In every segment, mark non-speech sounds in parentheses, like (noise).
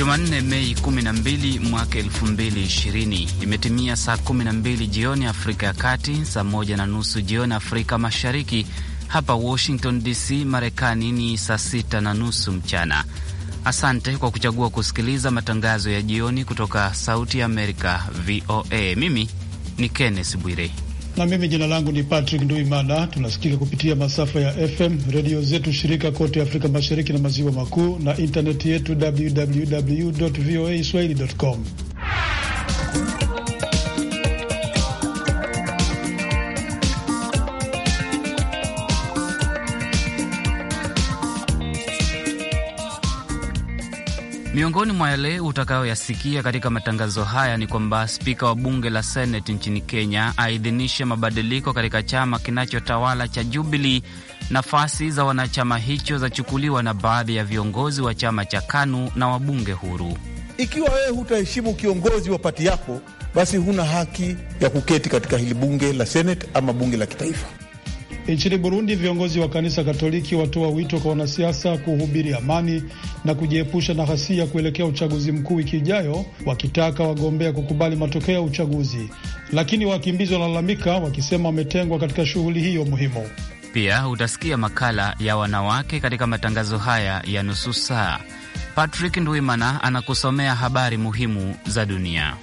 Jumanne, Mei 12 mwaka 2020, imetimia saa 12 jioni Afrika ya Kati, saa moja na nusu jioni Afrika Mashariki. Hapa Washington DC, Marekani ni saa sita na nusu mchana. Asante kwa kuchagua kusikiliza matangazo ya jioni kutoka Sauti ya Amerika, VOA. Mimi ni Kenneth Bwire na mimi jina langu ni Patrick Nduimana. Tunasikika kupitia masafa ya FM redio zetu shirika kote Afrika Mashariki na Maziwa Makuu na intaneti yetu www voa swahili com Miongoni mwa yale utakayoyasikia katika matangazo haya ni kwamba spika wa bunge la seneti nchini Kenya aidhinishe mabadiliko katika chama kinachotawala cha Jubilii. Nafasi za wanachama hicho zachukuliwa na baadhi ya viongozi wa chama cha KANU na wabunge huru. Ikiwa wewe hutaheshimu kiongozi wa pati yako, basi huna haki ya kuketi katika hili bunge la seneti ama bunge la kitaifa. Nchini Burundi, viongozi wa kanisa Katoliki watoa wito kwa wanasiasa kuhubiri amani na kujiepusha na ghasia kuelekea uchaguzi mkuu wiki ijayo, wakitaka wagombea kukubali matokeo ya uchaguzi, lakini wakimbizi wanalalamika wakisema wametengwa katika shughuli hiyo muhimu. Pia utasikia makala ya wanawake katika matangazo haya ya nusu saa. Patrick Ndwimana anakusomea habari muhimu za dunia.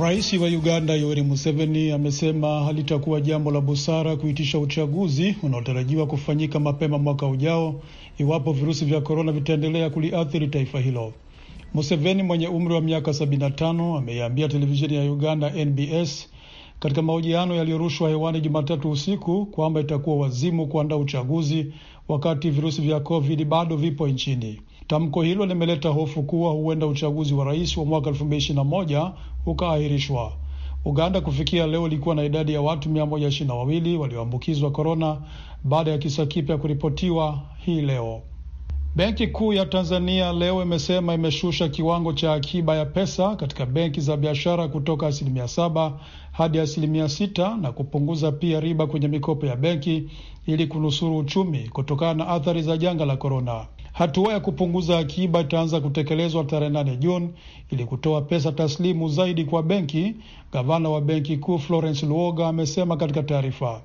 Rais wa Uganda Yoweri Museveni amesema halitakuwa jambo la busara kuitisha uchaguzi unaotarajiwa kufanyika mapema mwaka ujao iwapo virusi vya korona vitaendelea kuliathiri taifa hilo. Museveni mwenye umri wa miaka 75 ameiambia televisheni ya Uganda NBS katika mahojiano yaliyorushwa hewani Jumatatu usiku kwamba itakuwa wazimu kuandaa uchaguzi wakati virusi vya COVID bado vipo nchini. Tamko hilo limeleta hofu kuwa huenda uchaguzi wa rais wa mwaka elfu mbili ishirini na moja ukaahirishwa. Uganda kufikia leo ilikuwa na idadi ya watu mia moja ishirini na wawili walioambukizwa korona baada ya kisa kipya kuripotiwa hii leo. Benki Kuu ya Tanzania leo imesema imeshusha kiwango cha akiba ya pesa katika benki za biashara kutoka asilimia saba hadi asilimia sita na kupunguza pia riba kwenye mikopo ya benki ili kunusuru uchumi kutokana na athari za janga la korona. Hatua ya kupunguza akiba itaanza kutekelezwa tarehe nane Juni ili kutoa pesa taslimu zaidi kwa benki. Gavana wa benki kuu Florence Luoga amesema katika taarifa.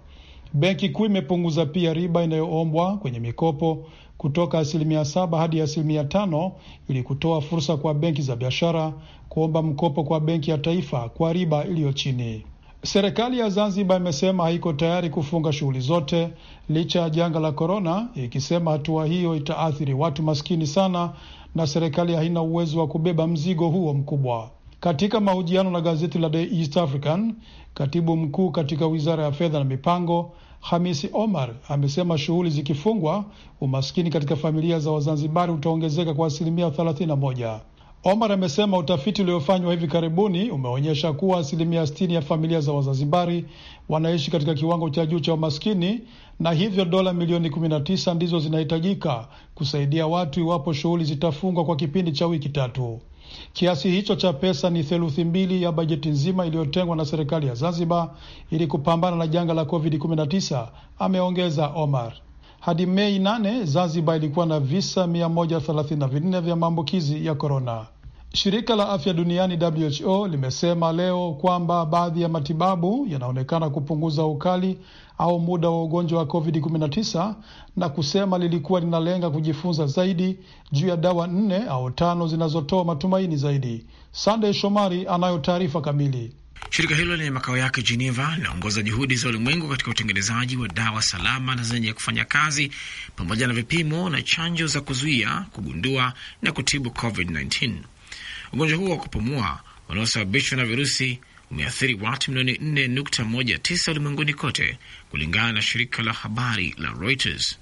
Benki kuu imepunguza pia riba inayoombwa kwenye mikopo kutoka asilimia saba hadi asilimia tano ili kutoa fursa kwa benki za biashara kuomba mkopo kwa benki ya taifa kwa riba iliyo chini. Serikali ya Zanzibar imesema haiko tayari kufunga shughuli zote licha ya janga la korona, ikisema hatua hiyo itaathiri watu maskini sana na serikali haina uwezo wa kubeba mzigo huo mkubwa. Katika mahojiano na gazeti la The East African, katibu mkuu katika wizara ya fedha na mipango Hamisi Omar amesema shughuli zikifungwa, umaskini katika familia za Wazanzibari utaongezeka kwa asilimia thelathini na moja. Omar amesema utafiti uliofanywa hivi karibuni umeonyesha kuwa asilimia 60 ya familia za Wazanzibari wanaishi katika kiwango cha juu cha umaskini na hivyo dola milioni 19 ndizo zinahitajika kusaidia watu iwapo shughuli zitafungwa kwa kipindi cha wiki tatu. Kiasi hicho cha pesa ni theluthi mbili ya bajeti nzima iliyotengwa na serikali ya Zanzibar ili kupambana na janga la COVID-19, ameongeza Omar. Hadi Mei 8 Zanzibar ilikuwa na visa 134 vya maambukizi ya korona. Shirika la afya duniani WHO limesema leo kwamba baadhi ya matibabu yanaonekana kupunguza ukali au muda wa ugonjwa wa COVID-19 na kusema lilikuwa linalenga kujifunza zaidi juu ya dawa nne au tano zinazotoa matumaini zaidi. Sandey Shomari anayo taarifa kamili. Shirika hilo lenye makao yake Geneva linaongoza juhudi za ulimwengu katika utengenezaji wa dawa salama na zenye kufanya kazi pamoja na vipimo na chanjo za kuzuia, kugundua na kutibu COVID-19. Ugonjwa huo wa kupumua unaosababishwa na virusi umeathiri watu milioni 4.19 ulimwenguni kote, kulingana na shirika la habari la Reuters.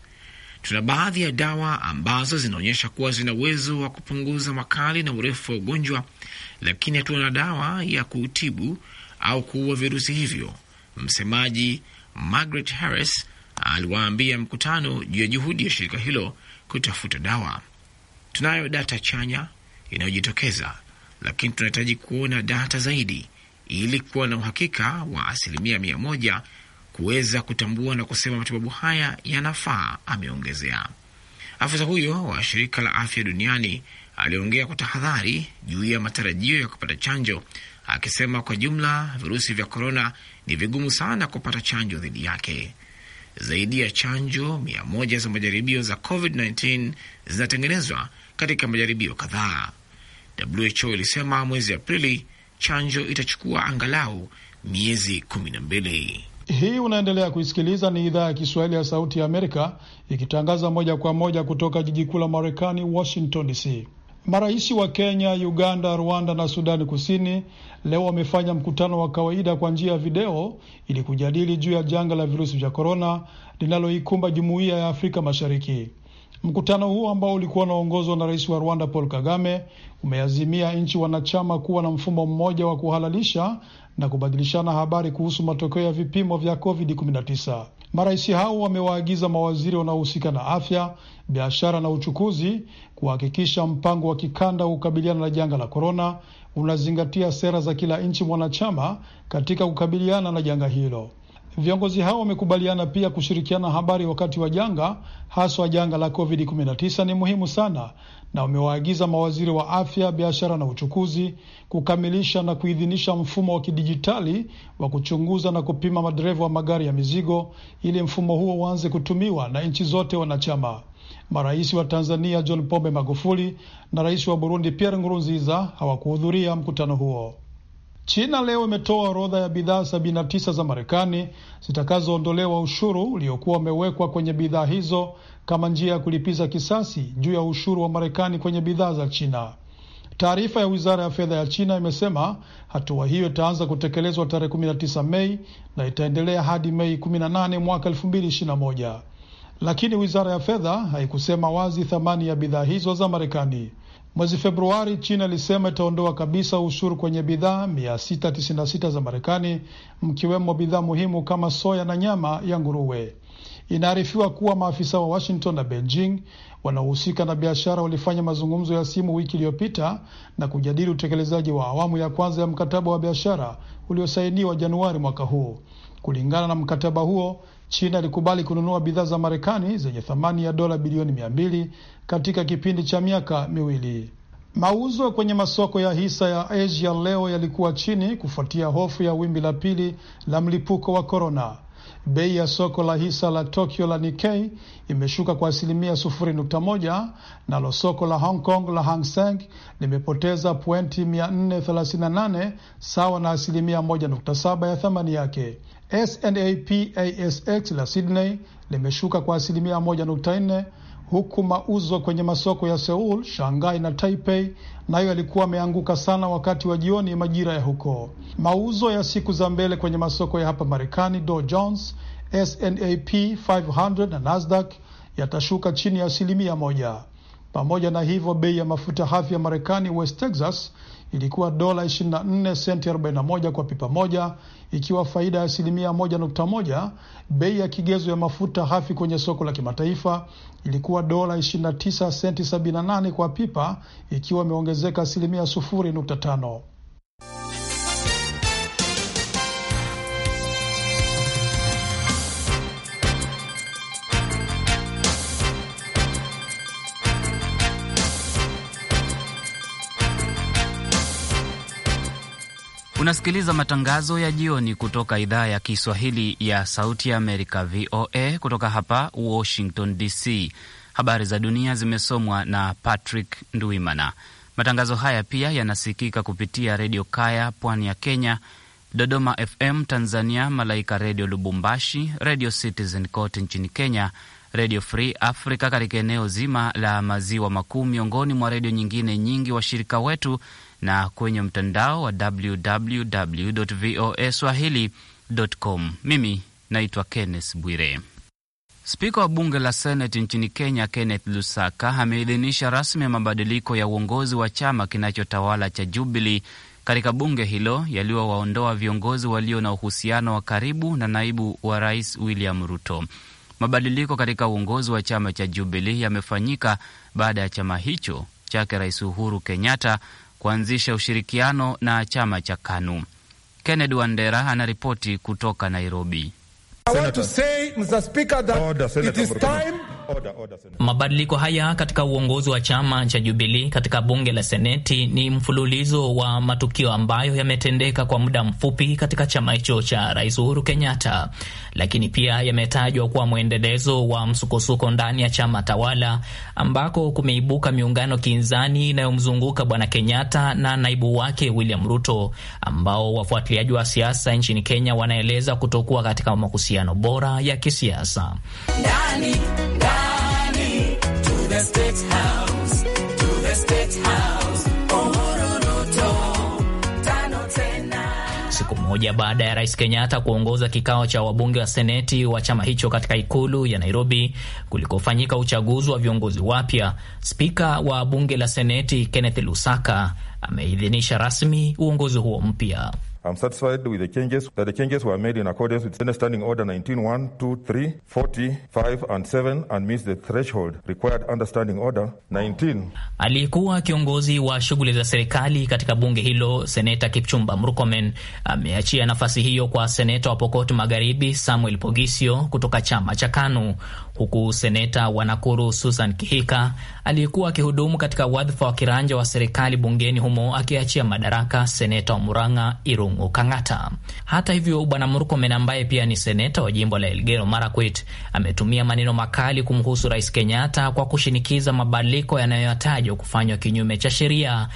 Tuna baadhi ya dawa ambazo zinaonyesha kuwa zina uwezo wa kupunguza makali na urefu wa ugonjwa, lakini hatuna dawa ya kuutibu au kuua virusi hivyo, msemaji Margaret Harris aliwaambia mkutano juu ya juhudi ya shirika hilo kutafuta dawa. Tunayo data chanya inayojitokeza, lakini tunahitaji kuona data zaidi ili kuwa na uhakika wa asilimia mia moja kuweza kutambua na kusema matibabu haya yanafaa, ameongezea. Afisa huyo wa shirika la afya duniani aliongea kwa tahadhari juu ya matarajio ya kupata chanjo, akisema kwa jumla virusi vya korona ni vigumu sana kupata chanjo dhidi yake. Zaidi ya chanjo mia moja za majaribio za COVID-19 zinatengenezwa katika majaribio kadhaa. WHO ilisema mwezi Aprili chanjo itachukua angalau miezi kumi na mbili. Hii unaendelea kuisikiliza ni idhaa ya Kiswahili ya Sauti ya Amerika ikitangaza moja kwa moja kutoka jiji kuu la Marekani, Washington DC. Marais wa Kenya, Uganda, Rwanda na Sudani Kusini leo wamefanya mkutano wa kawaida kwa njia ya video ili kujadili juu ya janga la virusi vya korona linaloikumba jumuiya ya Afrika Mashariki. Mkutano huo ambao ulikuwa unaongozwa na rais wa Rwanda Paul Kagame umeazimia nchi wanachama kuwa na mfumo mmoja wa kuhalalisha na kubadilishana habari kuhusu matokeo ya vipimo vya COVID-19. Marais hao wamewaagiza mawaziri wanaohusika na afya, biashara na uchukuzi kuhakikisha mpango wa kikanda wa kukabiliana na janga la korona unazingatia sera za kila nchi mwanachama katika kukabiliana na janga hilo. Viongozi hao wamekubaliana pia kushirikiana habari wakati wa janga, haswa janga la COVID-19 ni muhimu sana, na wamewaagiza mawaziri wa afya, biashara na uchukuzi kukamilisha na kuidhinisha mfumo wa kidijitali wa kuchunguza na kupima madereva wa magari ya mizigo ili mfumo huo uanze kutumiwa na nchi zote wanachama. Marais wa Tanzania John Pombe Magufuli na rais wa Burundi Pierre Nkurunziza hawakuhudhuria mkutano huo. China leo imetoa orodha ya bidhaa 79 za Marekani zitakazoondolewa ushuru uliokuwa umewekwa kwenye bidhaa hizo kama njia ya kulipiza kisasi juu ya ushuru wa Marekani kwenye bidhaa za China. Taarifa ya wizara ya fedha ya China imesema hatua hiyo itaanza kutekelezwa tarehe 19 Mei na itaendelea hadi Mei 18 mwaka 2021, lakini wizara ya fedha haikusema wazi thamani ya bidhaa hizo za Marekani. Mwezi Februari, China ilisema itaondoa kabisa ushuru kwenye bidhaa 696 za Marekani, mkiwemo bidhaa muhimu kama soya na nyama ya nguruwe. Inaarifiwa kuwa maafisa wa Washington na Beijing wanaohusika na biashara walifanya mazungumzo ya simu wiki iliyopita na kujadili utekelezaji wa awamu ya kwanza ya mkataba wa biashara uliosainiwa Januari mwaka huu. Kulingana na mkataba huo, China ilikubali kununua bidhaa za Marekani zenye thamani ya dola bilioni mia mbili katika kipindi cha miaka miwili. Mauzo kwenye masoko ya hisa ya Asia leo yalikuwa chini kufuatia hofu ya wimbi la pili la mlipuko wa korona. Bei ya soko la hisa la Tokyo la Nikkei imeshuka kwa asilimia sufuri nukta moja, nalo soko la Hong Kong la Hang Seng limepoteza pointi 438 sawa na asilimia saba ya thamani yake. SNAPASX la Sydney limeshuka kwa asilimia 1.4 huku mauzo kwenye masoko ya Seoul, Shanghai na Taipei nayo yalikuwa yameanguka sana wakati wa jioni majira ya huko. Mauzo ya siku za mbele kwenye masoko ya hapa Marekani, Dow Jones, SNAP 500 na Nasdaq yatashuka chini ya asilimia moja. Pamoja na hivyo, bei ya mafuta hafi ya Marekani West Texas ilikuwa dola 24 senti 41 kwa pipa moja, ikiwa faida ya asilimia 1.1. Bei ya kigezo ya mafuta hafi kwenye soko la kimataifa ilikuwa dola 29 senti 78 kwa pipa, ikiwa imeongezeka asilimia 0.5. Unasikiliza matangazo ya jioni kutoka idhaa ya Kiswahili ya Sauti ya Amerika, VOA, kutoka hapa Washington DC. Habari za dunia zimesomwa na Patrick Ndwimana. Matangazo haya pia yanasikika kupitia Redio Kaya pwani ya Kenya, Dodoma FM Tanzania, Malaika Redio Lubumbashi, Redio Citizen kote nchini Kenya, Redio Free Africa katika eneo zima la maziwa makuu, miongoni mwa redio nyingine nyingi washirika wetu na kwenye mtandao wa www voa swahili com. Mimi naitwa Kenneth Bwire. Spika wa bunge la seneti nchini Kenya, Kenneth Lusaka, ameidhinisha rasmi mabadiliko ya uongozi wa chama kinachotawala cha Jubili katika bunge hilo yaliyowaondoa viongozi walio na uhusiano wa karibu na naibu wa rais William Ruto. Mabadiliko katika uongozi wa chama cha Jubili yamefanyika baada ya chama hicho chake Rais Uhuru Kenyatta kuanzisha ushirikiano na chama cha KANU. Kennedy Wandera anaripoti kutoka Nairobi. I want to say, Mr. Speaker, that it is time mabadiliko haya katika uongozi wa chama cha jubilii katika bunge la Seneti ni mfululizo wa matukio ambayo yametendeka kwa muda mfupi katika chama hicho cha Rais Uhuru Kenyatta, lakini pia yametajwa kuwa mwendelezo wa msukosuko ndani ya chama tawala ambako kumeibuka miungano kinzani inayomzunguka Bwana Kenyatta na naibu wake William Ruto, ambao wafuatiliaji wa siasa nchini Kenya wanaeleza kutokuwa katika mahusiano bora ya kisiasa ndani, ndani. State House, to the State House, Siku moja baada ya Rais Kenyatta kuongoza kikao cha wabunge wa seneti wa chama hicho katika ikulu ya Nairobi kulikofanyika uchaguzi wa viongozi wapya, spika wa bunge la seneti Kenneth Lusaka ameidhinisha rasmi uongozi huo mpya. I'm satisfied with the changes that the changes were made in accordance with Senate Standing Order 19 1, 2, 3, 40, 5 and 7 and meets the threshold required under Standing Order 19. Aliyekuwa kiongozi wa shughuli za serikali katika bunge hilo Seneta Kipchumba Murkomen ameachia nafasi hiyo kwa seneta wa Pokot Magharibi Samuel Pogisio kutoka chama cha KANU huku seneta wa Nakuru Susan Kihika aliyekuwa akihudumu katika wadhifa wa kiranja wa serikali bungeni humo akiachia madaraka seneta wa Murang'a Irum Kalungu Kang'ata. Hata hivyo, Bwana Murkomen ambaye pia ni seneta wa jimbo la Elgeyo Marakwet ametumia maneno makali kumhusu Rais Kenyatta kwa kushinikiza mabadiliko yanayotajwa kufanywa kinyume cha sheria.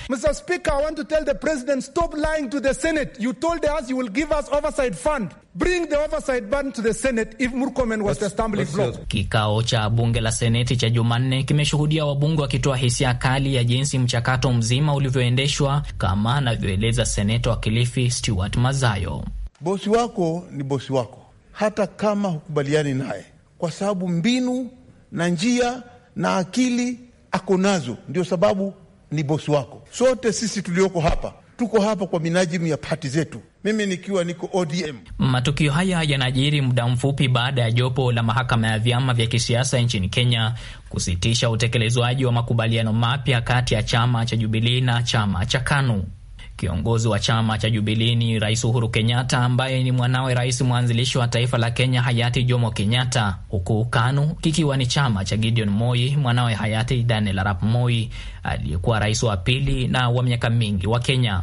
Kikao cha bunge la seneti cha Jumanne kimeshuhudia wabunge wakitoa hisia kali ya jinsi mchakato mzima ulivyoendeshwa, kama anavyoeleza seneta wa Kilifi Stuart Mazayo. Bosi wako ni bosi wako, hata kama hukubaliani naye, kwa sababu mbinu na njia na akili ako nazo, ndio sababu ni bosi wako. Sote sisi tulioko hapa tuko hapa kwa minajimu ya pati zetu, mimi nikiwa niko ODM. Matukio haya yanajiri muda mfupi baada ya jopo la mahakama ya vyama vya kisiasa nchini Kenya kusitisha utekelezwaji wa makubaliano mapya kati ya chama cha Jubilii na chama cha KANU. Kiongozi wa chama cha Jubilini ni Rais Uhuru Kenyatta, ambaye ni mwanawe rais mwanzilishi wa taifa la Kenya hayati Jomo Kenyatta, huku KANU kikiwa ni chama cha Gideon Moi, mwanawe hayati Daniel Arap Moi, aliyekuwa rais wa pili na wa miaka mingi wa Kenya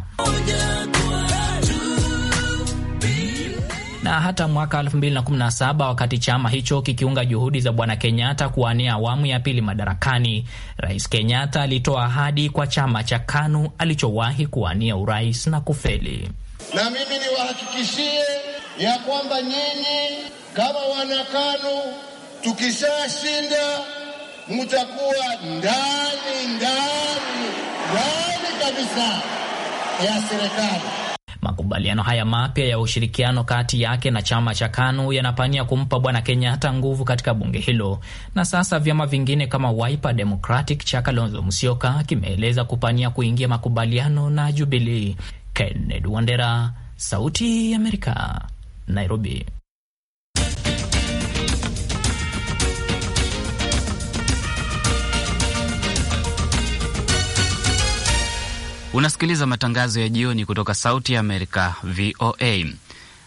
na hata mwaka 2017 wakati chama hicho kikiunga juhudi za bwana Kenyatta kuwania awamu ya pili madarakani, rais Kenyatta alitoa ahadi kwa chama cha KANU alichowahi kuwania urais na kufeli. Na mimi niwahakikishie ya kwamba nyinyi kama wanakanu, tukishashinda mtakuwa ndani ndani ndani kabisa ya serikali. Makubaliano haya mapya ya ushirikiano kati yake na chama cha KANU yanapania kumpa Bwana Kenyatta nguvu katika bunge hilo, na sasa vyama vingine kama Wiper Democratic cha Kalonzo Musyoka kimeeleza kupania kuingia makubaliano na Jubilee. Kennedy Wandera, Sauti ya Amerika, Nairobi. Unasikiliza matangazo ya jioni kutoka Sauti ya Amerika, VOA.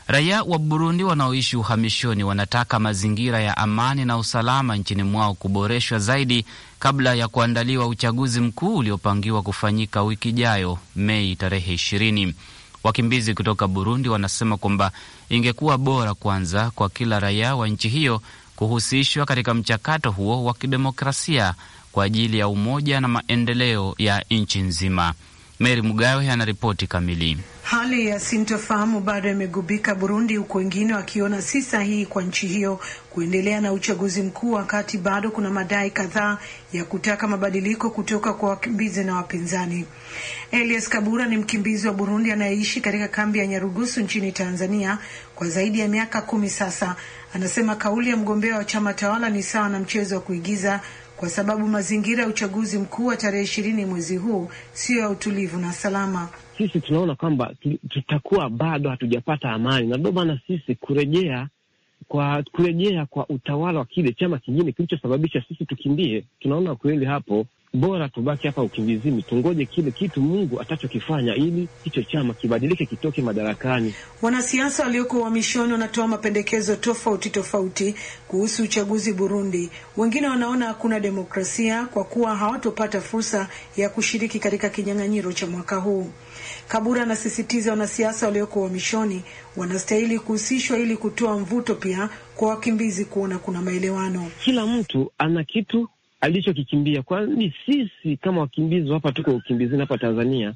Raia wa Burundi wanaoishi uhamishoni wanataka mazingira ya amani na usalama nchini mwao kuboreshwa zaidi kabla ya kuandaliwa uchaguzi mkuu uliopangiwa kufanyika wiki ijayo Mei tarehe ishirini. Wakimbizi kutoka Burundi wanasema kwamba ingekuwa bora kwanza kwa kila raia wa nchi hiyo kuhusishwa katika mchakato huo wa kidemokrasia kwa ajili ya umoja na maendeleo ya nchi nzima. Meri Mugawe anaripoti kamili. Hali ya sintofahamu bado imegubika Burundi, huku wengine wakiona si sahihi kwa nchi hiyo kuendelea na uchaguzi mkuu wakati bado kuna madai kadhaa ya kutaka mabadiliko kutoka kwa wakimbizi na wapinzani. Elias Kabura ni mkimbizi wa Burundi anayeishi katika kambi ya Nyarugusu nchini Tanzania kwa zaidi ya miaka kumi sasa. Anasema kauli ya mgombea wa chama tawala ni sawa na mchezo wa kuigiza kwa sababu mazingira ya uchaguzi mkuu wa tarehe ishirini mwezi huu siyo ya utulivu na salama. Sisi tunaona kwamba tutakuwa bado hatujapata amani, na ndio maana sisi kurejea kwa kurejea kwa utawala wa kile chama kingine kilichosababisha sisi tukimbie, tunaona kweli hapo bora tubaki hapa ukimbizini, tungoje kile kitu Mungu atachokifanya ili hicho chama kibadilike, kitoke madarakani. Wanasiasa walioko uhamishoni wanatoa mapendekezo tofauti tofauti kuhusu uchaguzi Burundi. Wengine wanaona hakuna demokrasia kwa kuwa hawatopata fursa ya kushiriki katika kinyang'anyiro cha mwaka huu. Kabura anasisitiza wanasiasa walioko uhamishoni wanastahili kuhusishwa ili kutoa mvuto pia kwa wakimbizi kuona kuna maelewano. Kila mtu ana kitu alichokikimbia, kwani sisi kama wakimbizi hapa tuko ukimbizini hapa Tanzania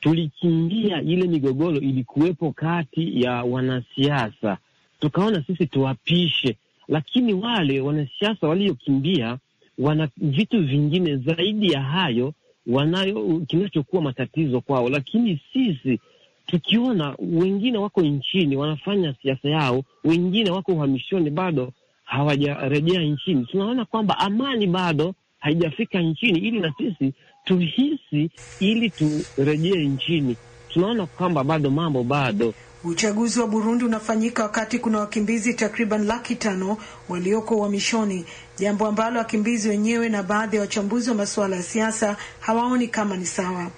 tulikimbia ile migogoro ilikuwepo kati ya wanasiasa, tukaona sisi tuwapishe, lakini wale wanasiasa waliokimbia wana vitu vingine zaidi ya hayo wanayo kinachokuwa matatizo kwao, lakini sisi tukiona wengine wako nchini wanafanya siasa yao, wengine wako uhamishoni bado hawajarejea nchini, tunaona kwamba amani bado haijafika nchini, ili na sisi tuhisi, ili turejee nchini. Tunaona kwamba bado mambo bado Uchaguzi wa Burundi unafanyika wakati kuna wakimbizi takriban laki tano walioko uhamishoni, jambo ambalo wakimbizi wenyewe na baadhi ya wachambuzi wa masuala ya siasa hawaoni kama ni sawa.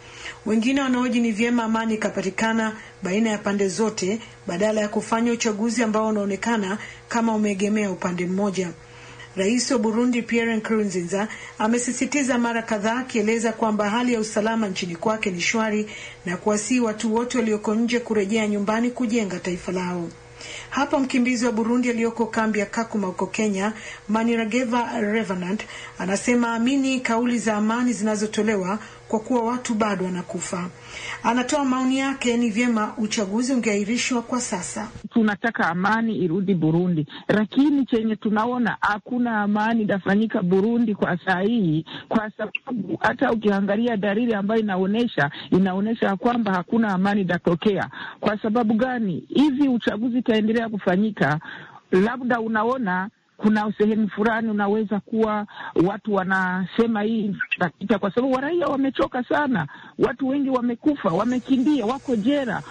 Wengine wanaoji ni vyema amani ikapatikana baina ya pande zote badala ya kufanya uchaguzi ambao unaonekana kama umeegemea upande mmoja. Rais wa Burundi Pierre Nkurunziza amesisitiza mara kadhaa akieleza kwamba hali ya usalama nchini kwake ni shwari na kuwasihi watu wote walioko nje kurejea nyumbani kujenga taifa lao. Hapa mkimbizi wa Burundi aliyoko kambi ya Kakuma huko Kenya, Manirageva Revenant anasema amini kauli za amani zinazotolewa kwa kuwa watu bado wanakufa. Anatoa maoni yake, ni vyema uchaguzi ungeahirishwa kwa sasa. Tunataka amani irudi Burundi, lakini chenye tunaona hakuna amani inafanyika Burundi kwa saa hii, kwa sababu hata ukiangalia dalili ambayo inaonyesha inaonyesha kwamba hakuna amani itatokea. Kwa sababu gani? Hivi uchaguzi itaendelea kufanyika, labda unaona kuna sehemu fulani unaweza kuwa watu wanasema hii takita kwa sababu waraia wamechoka sana, watu wengi wamekufa, wamekimbia, wako jera.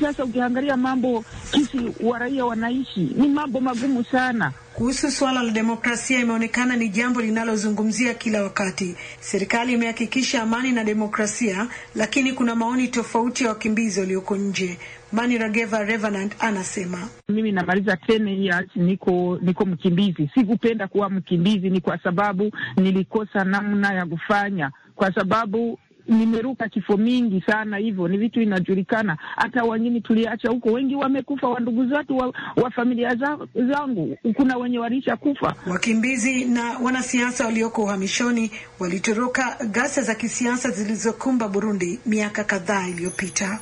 Sasa ukiangalia mambo kisi waraia wanaishi ni mambo magumu sana. Kuhusu suala la demokrasia, imeonekana ni jambo linalozungumzia kila wakati. Serikali imehakikisha amani na demokrasia, lakini kuna maoni tofauti ya wakimbizi walioko nje. Manirageva Revenant anasema, mimi namaliza ten years, niko niko mkimbizi. Sikupenda kuwa mkimbizi, ni kwa sababu nilikosa namna ya kufanya, kwa sababu nimeruka kifo mingi sana, hivyo ni vitu inajulikana. Hata wengine tuliacha huko, wengi wamekufa, wandugu zetu wa, wa familia za, zangu, kuna wenye walisha kufa. Wakimbizi na wanasiasa walioko uhamishoni walitoroka ghasia za kisiasa zilizokumba Burundi miaka kadhaa iliyopita.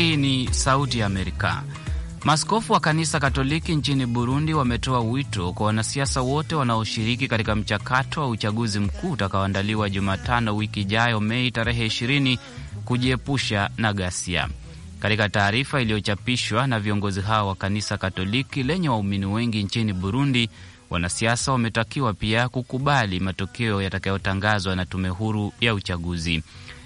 Hii ni Sauti ya Amerika. maskofu wa kanisa Katoliki nchini Burundi wametoa wito kwa wanasiasa wote wanaoshiriki katika mchakato wa uchaguzi mkuu utakaoandaliwa Jumatano wiki ijayo, Mei tarehe 20, kujiepusha na ghasia. Katika taarifa iliyochapishwa na viongozi hao wa kanisa Katoliki lenye waumini wengi nchini Burundi, wanasiasa wametakiwa pia kukubali matokeo yatakayotangazwa na tume huru ya uchaguzi.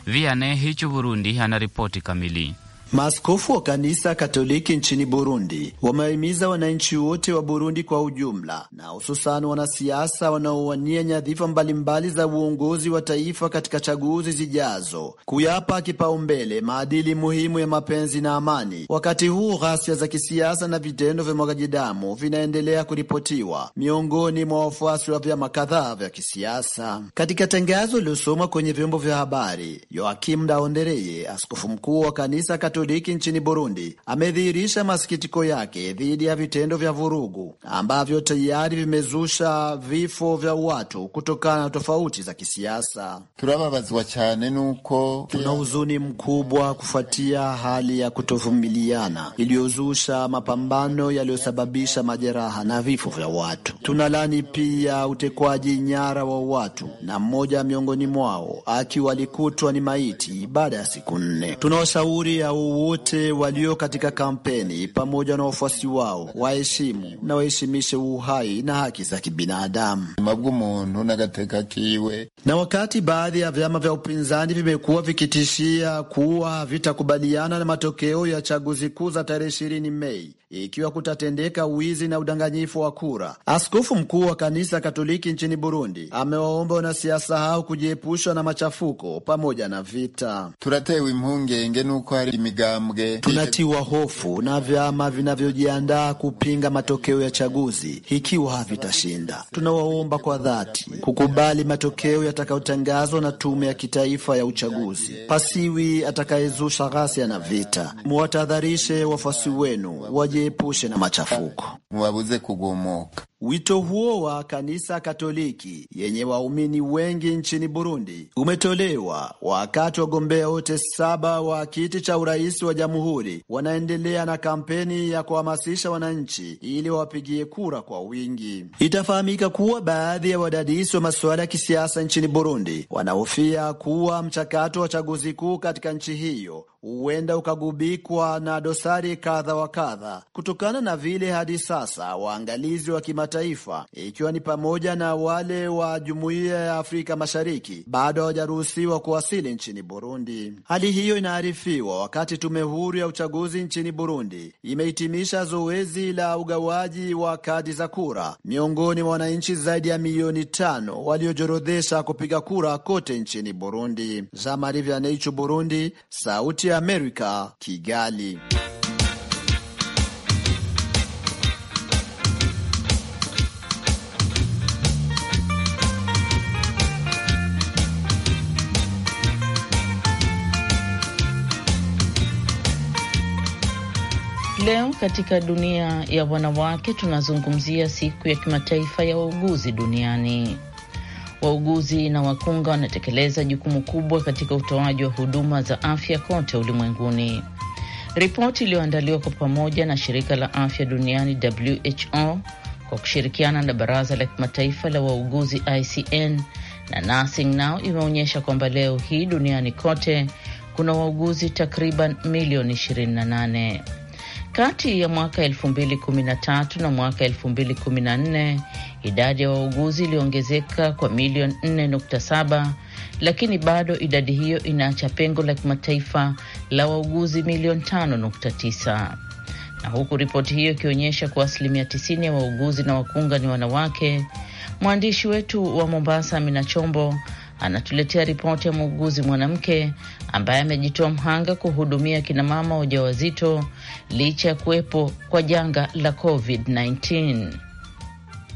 Vianney Hichu, Burundi, anaripoti kamili. Maaskofu wa kanisa Katoliki nchini Burundi wamewahimiza wananchi wote wa Burundi kwa ujumla na hususani wanasiasa wanaowania nyadhifa mbalimbali za uongozi wa taifa katika chaguzi zijazo kuyapa kipaumbele maadili muhimu ya mapenzi na amani. Wakati huu ghasia za kisiasa na vitendo vya mwagaji damu vinaendelea kuripotiwa miongoni mwa wafuasi wa vyama kadhaa vya kisiasa. Katika tangazo lililosomwa kwenye vyombo vya habari, Yoakim Daondereye, askofu mkuu wa kanisa Katoliki nchini Burundi amedhihirisha masikitiko yake dhidi ya vitendo vya vurugu ambavyo tayari vimezusha vifo vya watu kutokana na tofauti za kisiasa. turababazwa nuko tuna huzuni mkubwa kufuatia hali ya kutovumiliana iliyozusha mapambano yaliyosababisha majeraha na vifo vya watu. Tunalani pia utekwaji nyara wa watu na mmoja miongoni mwao akiwa alikutwa ni maiti baada ya siku nne. Tunawashauri au wote walio katika kampeni pamoja na wafuasi wao waheshimu na waheshimishe uhai na haki za kibinadamu. Na wakati baadhi ya vyama vya upinzani vimekuwa vikitishia kuwa vitakubaliana na matokeo ya chaguzi kuu za tarehe ishirini Mei ikiwa kutatendeka wizi na udanganyifu wa kura, askofu mkuu wa kanisa Katoliki nchini Burundi amewaomba wanasiasa hao kujiepusha na machafuko pamoja na vita. turatewe impungenge nuko hari tunatiwa hofu na vyama vinavyojiandaa kupinga matokeo ya chaguzi ikiwa havitashinda. Tunawaomba kwa dhati kukubali matokeo yatakayotangazwa na Tume ya Kitaifa ya Uchaguzi. Pasiwi atakayezusha ghasia na vita. Muwatahadharishe wafuasi wenu wajiepushe na machafuko. Mwabuze kugomoka. Wito huo wa kanisa Katoliki yenye waumini wengi nchini Burundi umetolewa wakati wagombea wote saba wa kiti cha urais wa jamhuri wanaendelea na kampeni ya kuhamasisha wananchi ili wawapigie kura kwa wingi. Itafahamika kuwa baadhi ya wadadisi wa masuala ya kisiasa nchini Burundi wanahofia kuwa mchakato wa chaguzi kuu katika nchi hiyo huenda ukagubikwa na dosari kadha wa kadha kutokana na vile hadi sasa waangalizi wa kimataifa kimataifa ikiwa ni pamoja na wale wa Jumuiya ya Afrika Mashariki bado hawajaruhusiwa kuwasili nchini Burundi. Hali hiyo inaarifiwa wakati tume huru ya uchaguzi nchini Burundi imehitimisha zoezi la ugawaji wa kadi za kura miongoni mwa wananchi zaidi ya milioni tano waliojorodhesha kupiga kura kote nchini Burundi. Burundi, Sauti ya Amerika, Kigali. Leo katika dunia ya wanawake tunazungumzia siku ya kimataifa ya wauguzi duniani. Wauguzi na wakunga wanatekeleza jukumu kubwa katika utoaji wa huduma za afya kote ulimwenguni. Ripoti iliyoandaliwa kwa pamoja na shirika la afya duniani WHO kwa kushirikiana na baraza la kimataifa la wauguzi ICN na Nursing Now imeonyesha kwamba leo hii duniani kote kuna wauguzi takriban milioni 28. Kati ya mwaka 2013 na mwaka 2014 idadi ya wauguzi iliongezeka kwa milioni 4.7, lakini bado idadi hiyo inaacha pengo la kimataifa la wauguzi milioni 5.9, na huku ripoti hiyo ikionyesha kuwa asilimia 90 ya wauguzi na wakunga ni wanawake. Mwandishi wetu wa Mombasa, Amina Chombo, anatuletea ripoti ya muuguzi mwanamke ambaye amejitoa mhanga kuhudumia kinamama wajawazito licha ya kuwepo kwa janga la COVID-19.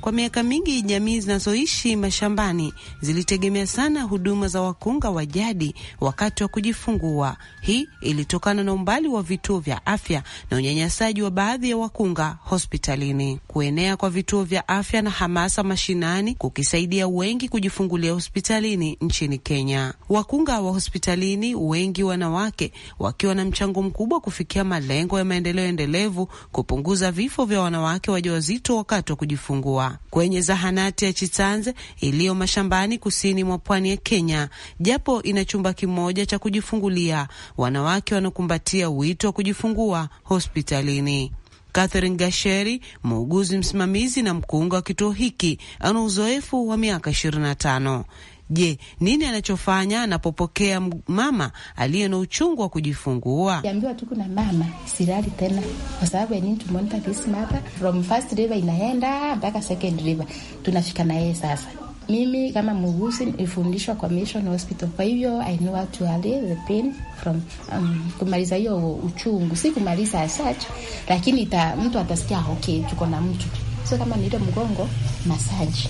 Kwa miaka mingi jamii zinazoishi mashambani zilitegemea sana huduma za wakunga wa jadi wakati wa kujifungua. Hii ilitokana na umbali wa vituo vya afya na unyanyasaji wa baadhi ya wakunga hospitalini. Kuenea kwa vituo vya afya na hamasa mashinani kukisaidia wengi kujifungulia hospitalini nchini Kenya. Wakunga wa hospitalini, wengi wanawake, wakiwa na mchango mkubwa kufikia malengo ya maendeleo endelevu, kupunguza vifo vya wanawake wajawazito wakati wa kujifungua kwenye zahanati ya Chitanze iliyo mashambani kusini mwa pwani ya Kenya. Japo ina chumba kimoja cha kujifungulia, wanawake wanakumbatia wito wa kujifungua hospitalini. Catherine Gasheri, muuguzi msimamizi na mkunga wa kituo hiki, ana uzoefu wa miaka na tano Je, nini anachofanya anapopokea mama aliye na uchungu wa kujifungua? Ambiwa tu kuna mama silali tena, kwa sababu ya nini? Tumonita this mother from first delivery inaenda mpaka second delivery, tunafika na yeye sasa mimi kama muuguzi nilifundishwa kwa Mission Hospital, kwa hivyo I know how to allay the pain from um, kumaliza hiyo uchungu, si kumaliza asach, lakini ita, mtu atasikia okay, tuko na mtu so kama niile mgongo masaji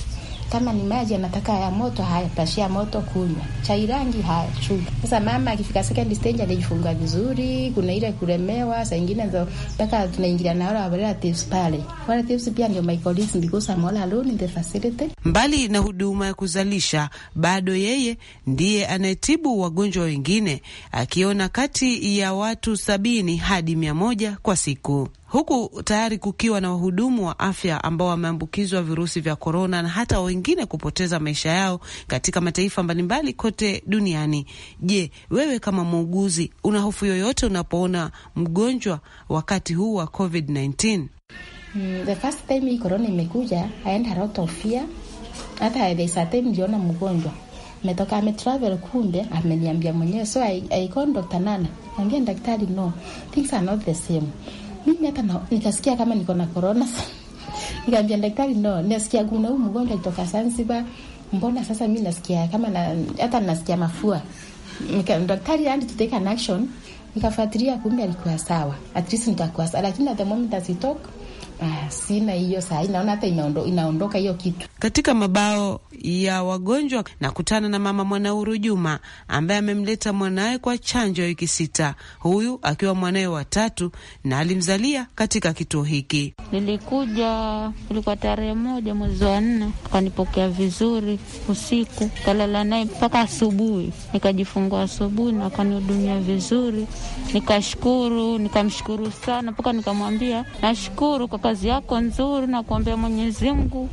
kama ni maji anataka ya moto, haya pashia moto, kunywa chai rangi, haya chunga. Sasa mama akifika second stage anajifunga vizuri. Kuna ile kulemewa, saa nyingine ndo mpaka tunaingilia na wale wale tips pale. Wale tips pia ndio my colleagues because I'm all alone in the facility. Mbali na huduma ya kuzalisha, bado yeye ndiye anayetibu wagonjwa wengine, akiona kati ya watu sabini hadi mia moja kwa siku huku tayari kukiwa na wahudumu wa afya ambao wameambukizwa virusi vya korona na hata wengine kupoteza maisha yao katika mataifa mbalimbali kote duniani. Je, wewe kama muuguzi una hofu yoyote unapoona mgonjwa wakati huu wa COVID-19? Mm, the first time hii korona imekuja I had a lot of fear. Hata time niliona mgonjwa metoka kumbe ameniambia mwenyewe, so I, I called Dr. Nana, ambia daktari, no things are not the same mimi hapa nikasikia kama niko na korona. (laughs) Nikaambia daktari, no, nasikia kuna huu mgonjwa kutoka Zanzibar, mbona sasa mi nasikia kama na, hata nasikia mafua. Nika, daktari and to take an action. Nikafuatilia, kumbe alikuwa sawa, at least nitakuwa sawa, lakini at the moment as we talk, ah, sina hiyo saa hii, naona hata inaondoka hiyo kitu katika mabao ya wagonjwa nakutana na mama Mwanauru Juma ambaye amemleta mwanaye kwa chanjo ya wiki sita, huyu akiwa mwanaye wa tatu na alimzalia katika kituo hiki. Nilikuja kulikuwa tarehe moja mwezi wa nne, kanipokea vizuri usiku, kalala naye mpaka asubuhi, nikajifungua asubuhi na kanihudumia vizuri, nikashukuru, nikamshukuru sana mpaka nikamwambia nashukuru kwa kazi yako nzuri na kuombea Mwenyezi Mungu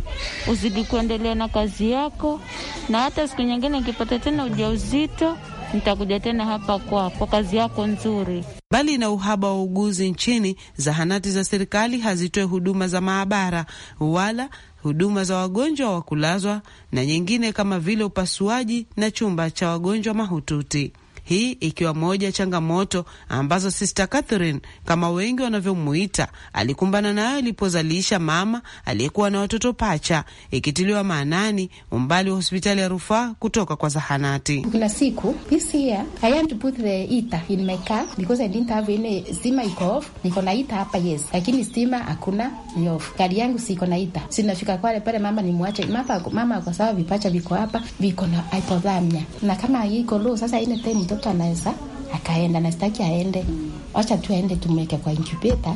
uzidi urudi kuendelea na kazi yako, na hata siku nyingine ikipata tena ujauzito nitakuja tena hapa kwa kazi yako nzuri. Mbali na uhaba wa uguzi nchini, zahanati za serikali hazitoe huduma za maabara wala huduma za wagonjwa wa kulazwa na nyingine kama vile upasuaji na chumba cha wagonjwa mahututi hii ikiwa moja ya changamoto ambazo Sister Catherine kama wengi wanavyomuita alikumbana nayo alipozalisha mama aliyekuwa na watoto pacha, ikitiliwa maanani umbali wa hospitali ya rufaa kutoka kwa zahanati. Kila siku this year I had to put the heater in my car because I didn't have stima, iko off, niko na heater hapa yes, lakini stima hakuna, ni off. Gari yangu siko na heater, sinafika kwale pale mama nimwache mama, mama kwa sababu vipacha viko hapa viko na hypothermia na kama iko low sasa, ile time mtoto anaweza akaenda nastaki aende, wacha tu aende, tumweke kwa incubator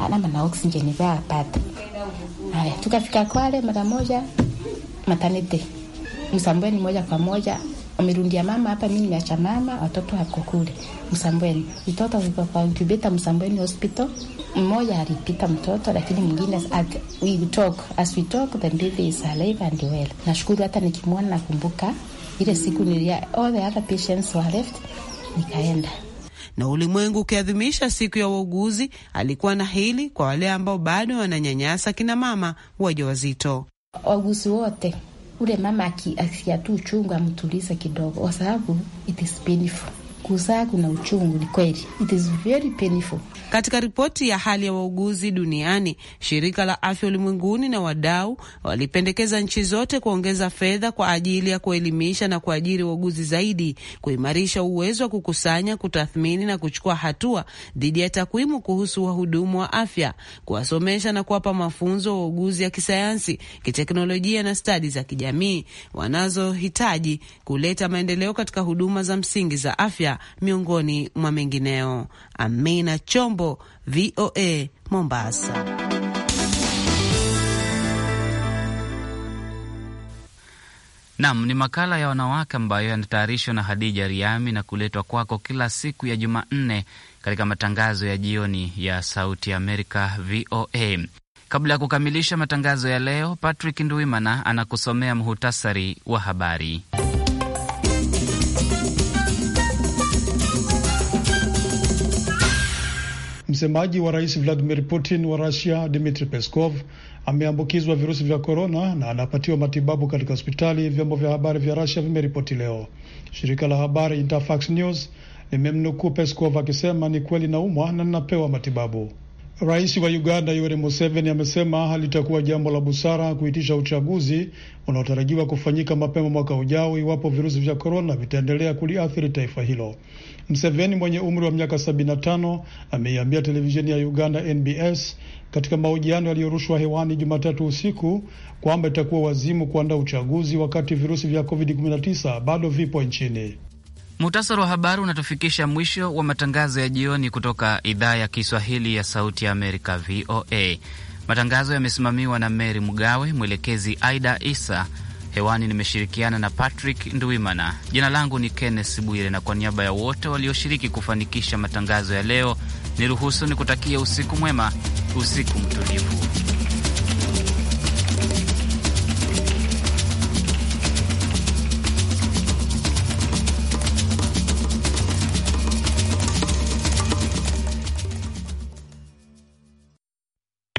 alama na oxygen ba apate. Haya, tukafika Kwale mara moja matanete Msambweni moja kwa moja amerundia mama hapa, mimi nimeacha mama, watoto wako kule Msambweni, mtoto alikuwa kwa incubator Msambweni hospital. Mmoja alipita mtoto, lakini mwingine at we talk as we talk the baby is alive and well. Nashukuru hata nikimwona nakumbuka ile siku nilia, all oh, the other patients were left, nikaenda na ulimwengu ukiadhimisha siku ya wauguzi, alikuwa na hili kwa wale ambao bado wananyanyasa kina mama wajawazito. Wauguzi wote, ule mama akiakia tu uchungu amtulize kidogo, kwa sababu it is painful kuzaa kuna uchungu, ni kweli, it is very painful. Katika ripoti ya hali ya wauguzi duniani, shirika la afya ulimwenguni na wadau walipendekeza nchi zote kuongeza fedha kwa ajili ya kuelimisha na kuajiri wauguzi zaidi, kuimarisha uwezo wa kukusanya, kutathmini na kuchukua hatua dhidi ya takwimu kuhusu wahudumu wa afya, kuwasomesha na kuwapa mafunzo wauguzi ya kisayansi, kiteknolojia na stadi za kijamii wanazohitaji kuleta maendeleo katika huduma za msingi za afya afya miongoni mwa mengineo. Amina Chombo, VOA Mombasa. Nam ni makala ya wanawake ambayo yanatayarishwa na Hadija Riami na kuletwa kwako kila siku ya Jumanne katika matangazo ya jioni ya Sauti ya Amerika, VOA. Kabla ya kukamilisha matangazo ya leo, Patrick Ndwimana anakusomea muhutasari wa habari. Msemaji wa rais Vladimir Putin wa Rusia Dmitri Peskov ameambukizwa virusi vya korona na anapatiwa matibabu katika hospitali, vyombo vya habari vya Rusia vimeripoti leo. Shirika la habari Interfax News limemnukuu Peskov akisema, ni kweli naumwa na ninapewa matibabu. Rais wa Uganda Yoweri Museveni amesema halitakuwa jambo la busara kuitisha uchaguzi unaotarajiwa kufanyika mapema mwaka ujao iwapo virusi vya korona vitaendelea kuliathiri taifa hilo. Mseveni mwenye umri wa miaka 75 ameiambia televisheni ya Uganda NBS katika mahojiano yaliyorushwa hewani Jumatatu usiku kwamba itakuwa wazimu kuandaa uchaguzi wakati virusi vya COVID-19 bado vipo nchini. Muhtasari wa habari unatufikisha mwisho wa matangazo ya jioni kutoka idhaa ya Kiswahili ya Sauti ya Amerika, VOA. Matangazo yamesimamiwa na Mary Mgawe, mwelekezi Aida Isa. Hewani nimeshirikiana na Patrick Ndwimana. Jina langu ni Kenneth Bwire, na kwa niaba ya wote walioshiriki kufanikisha matangazo ya leo, niruhusu nikutakie usiku mwema, usiku mtulivu.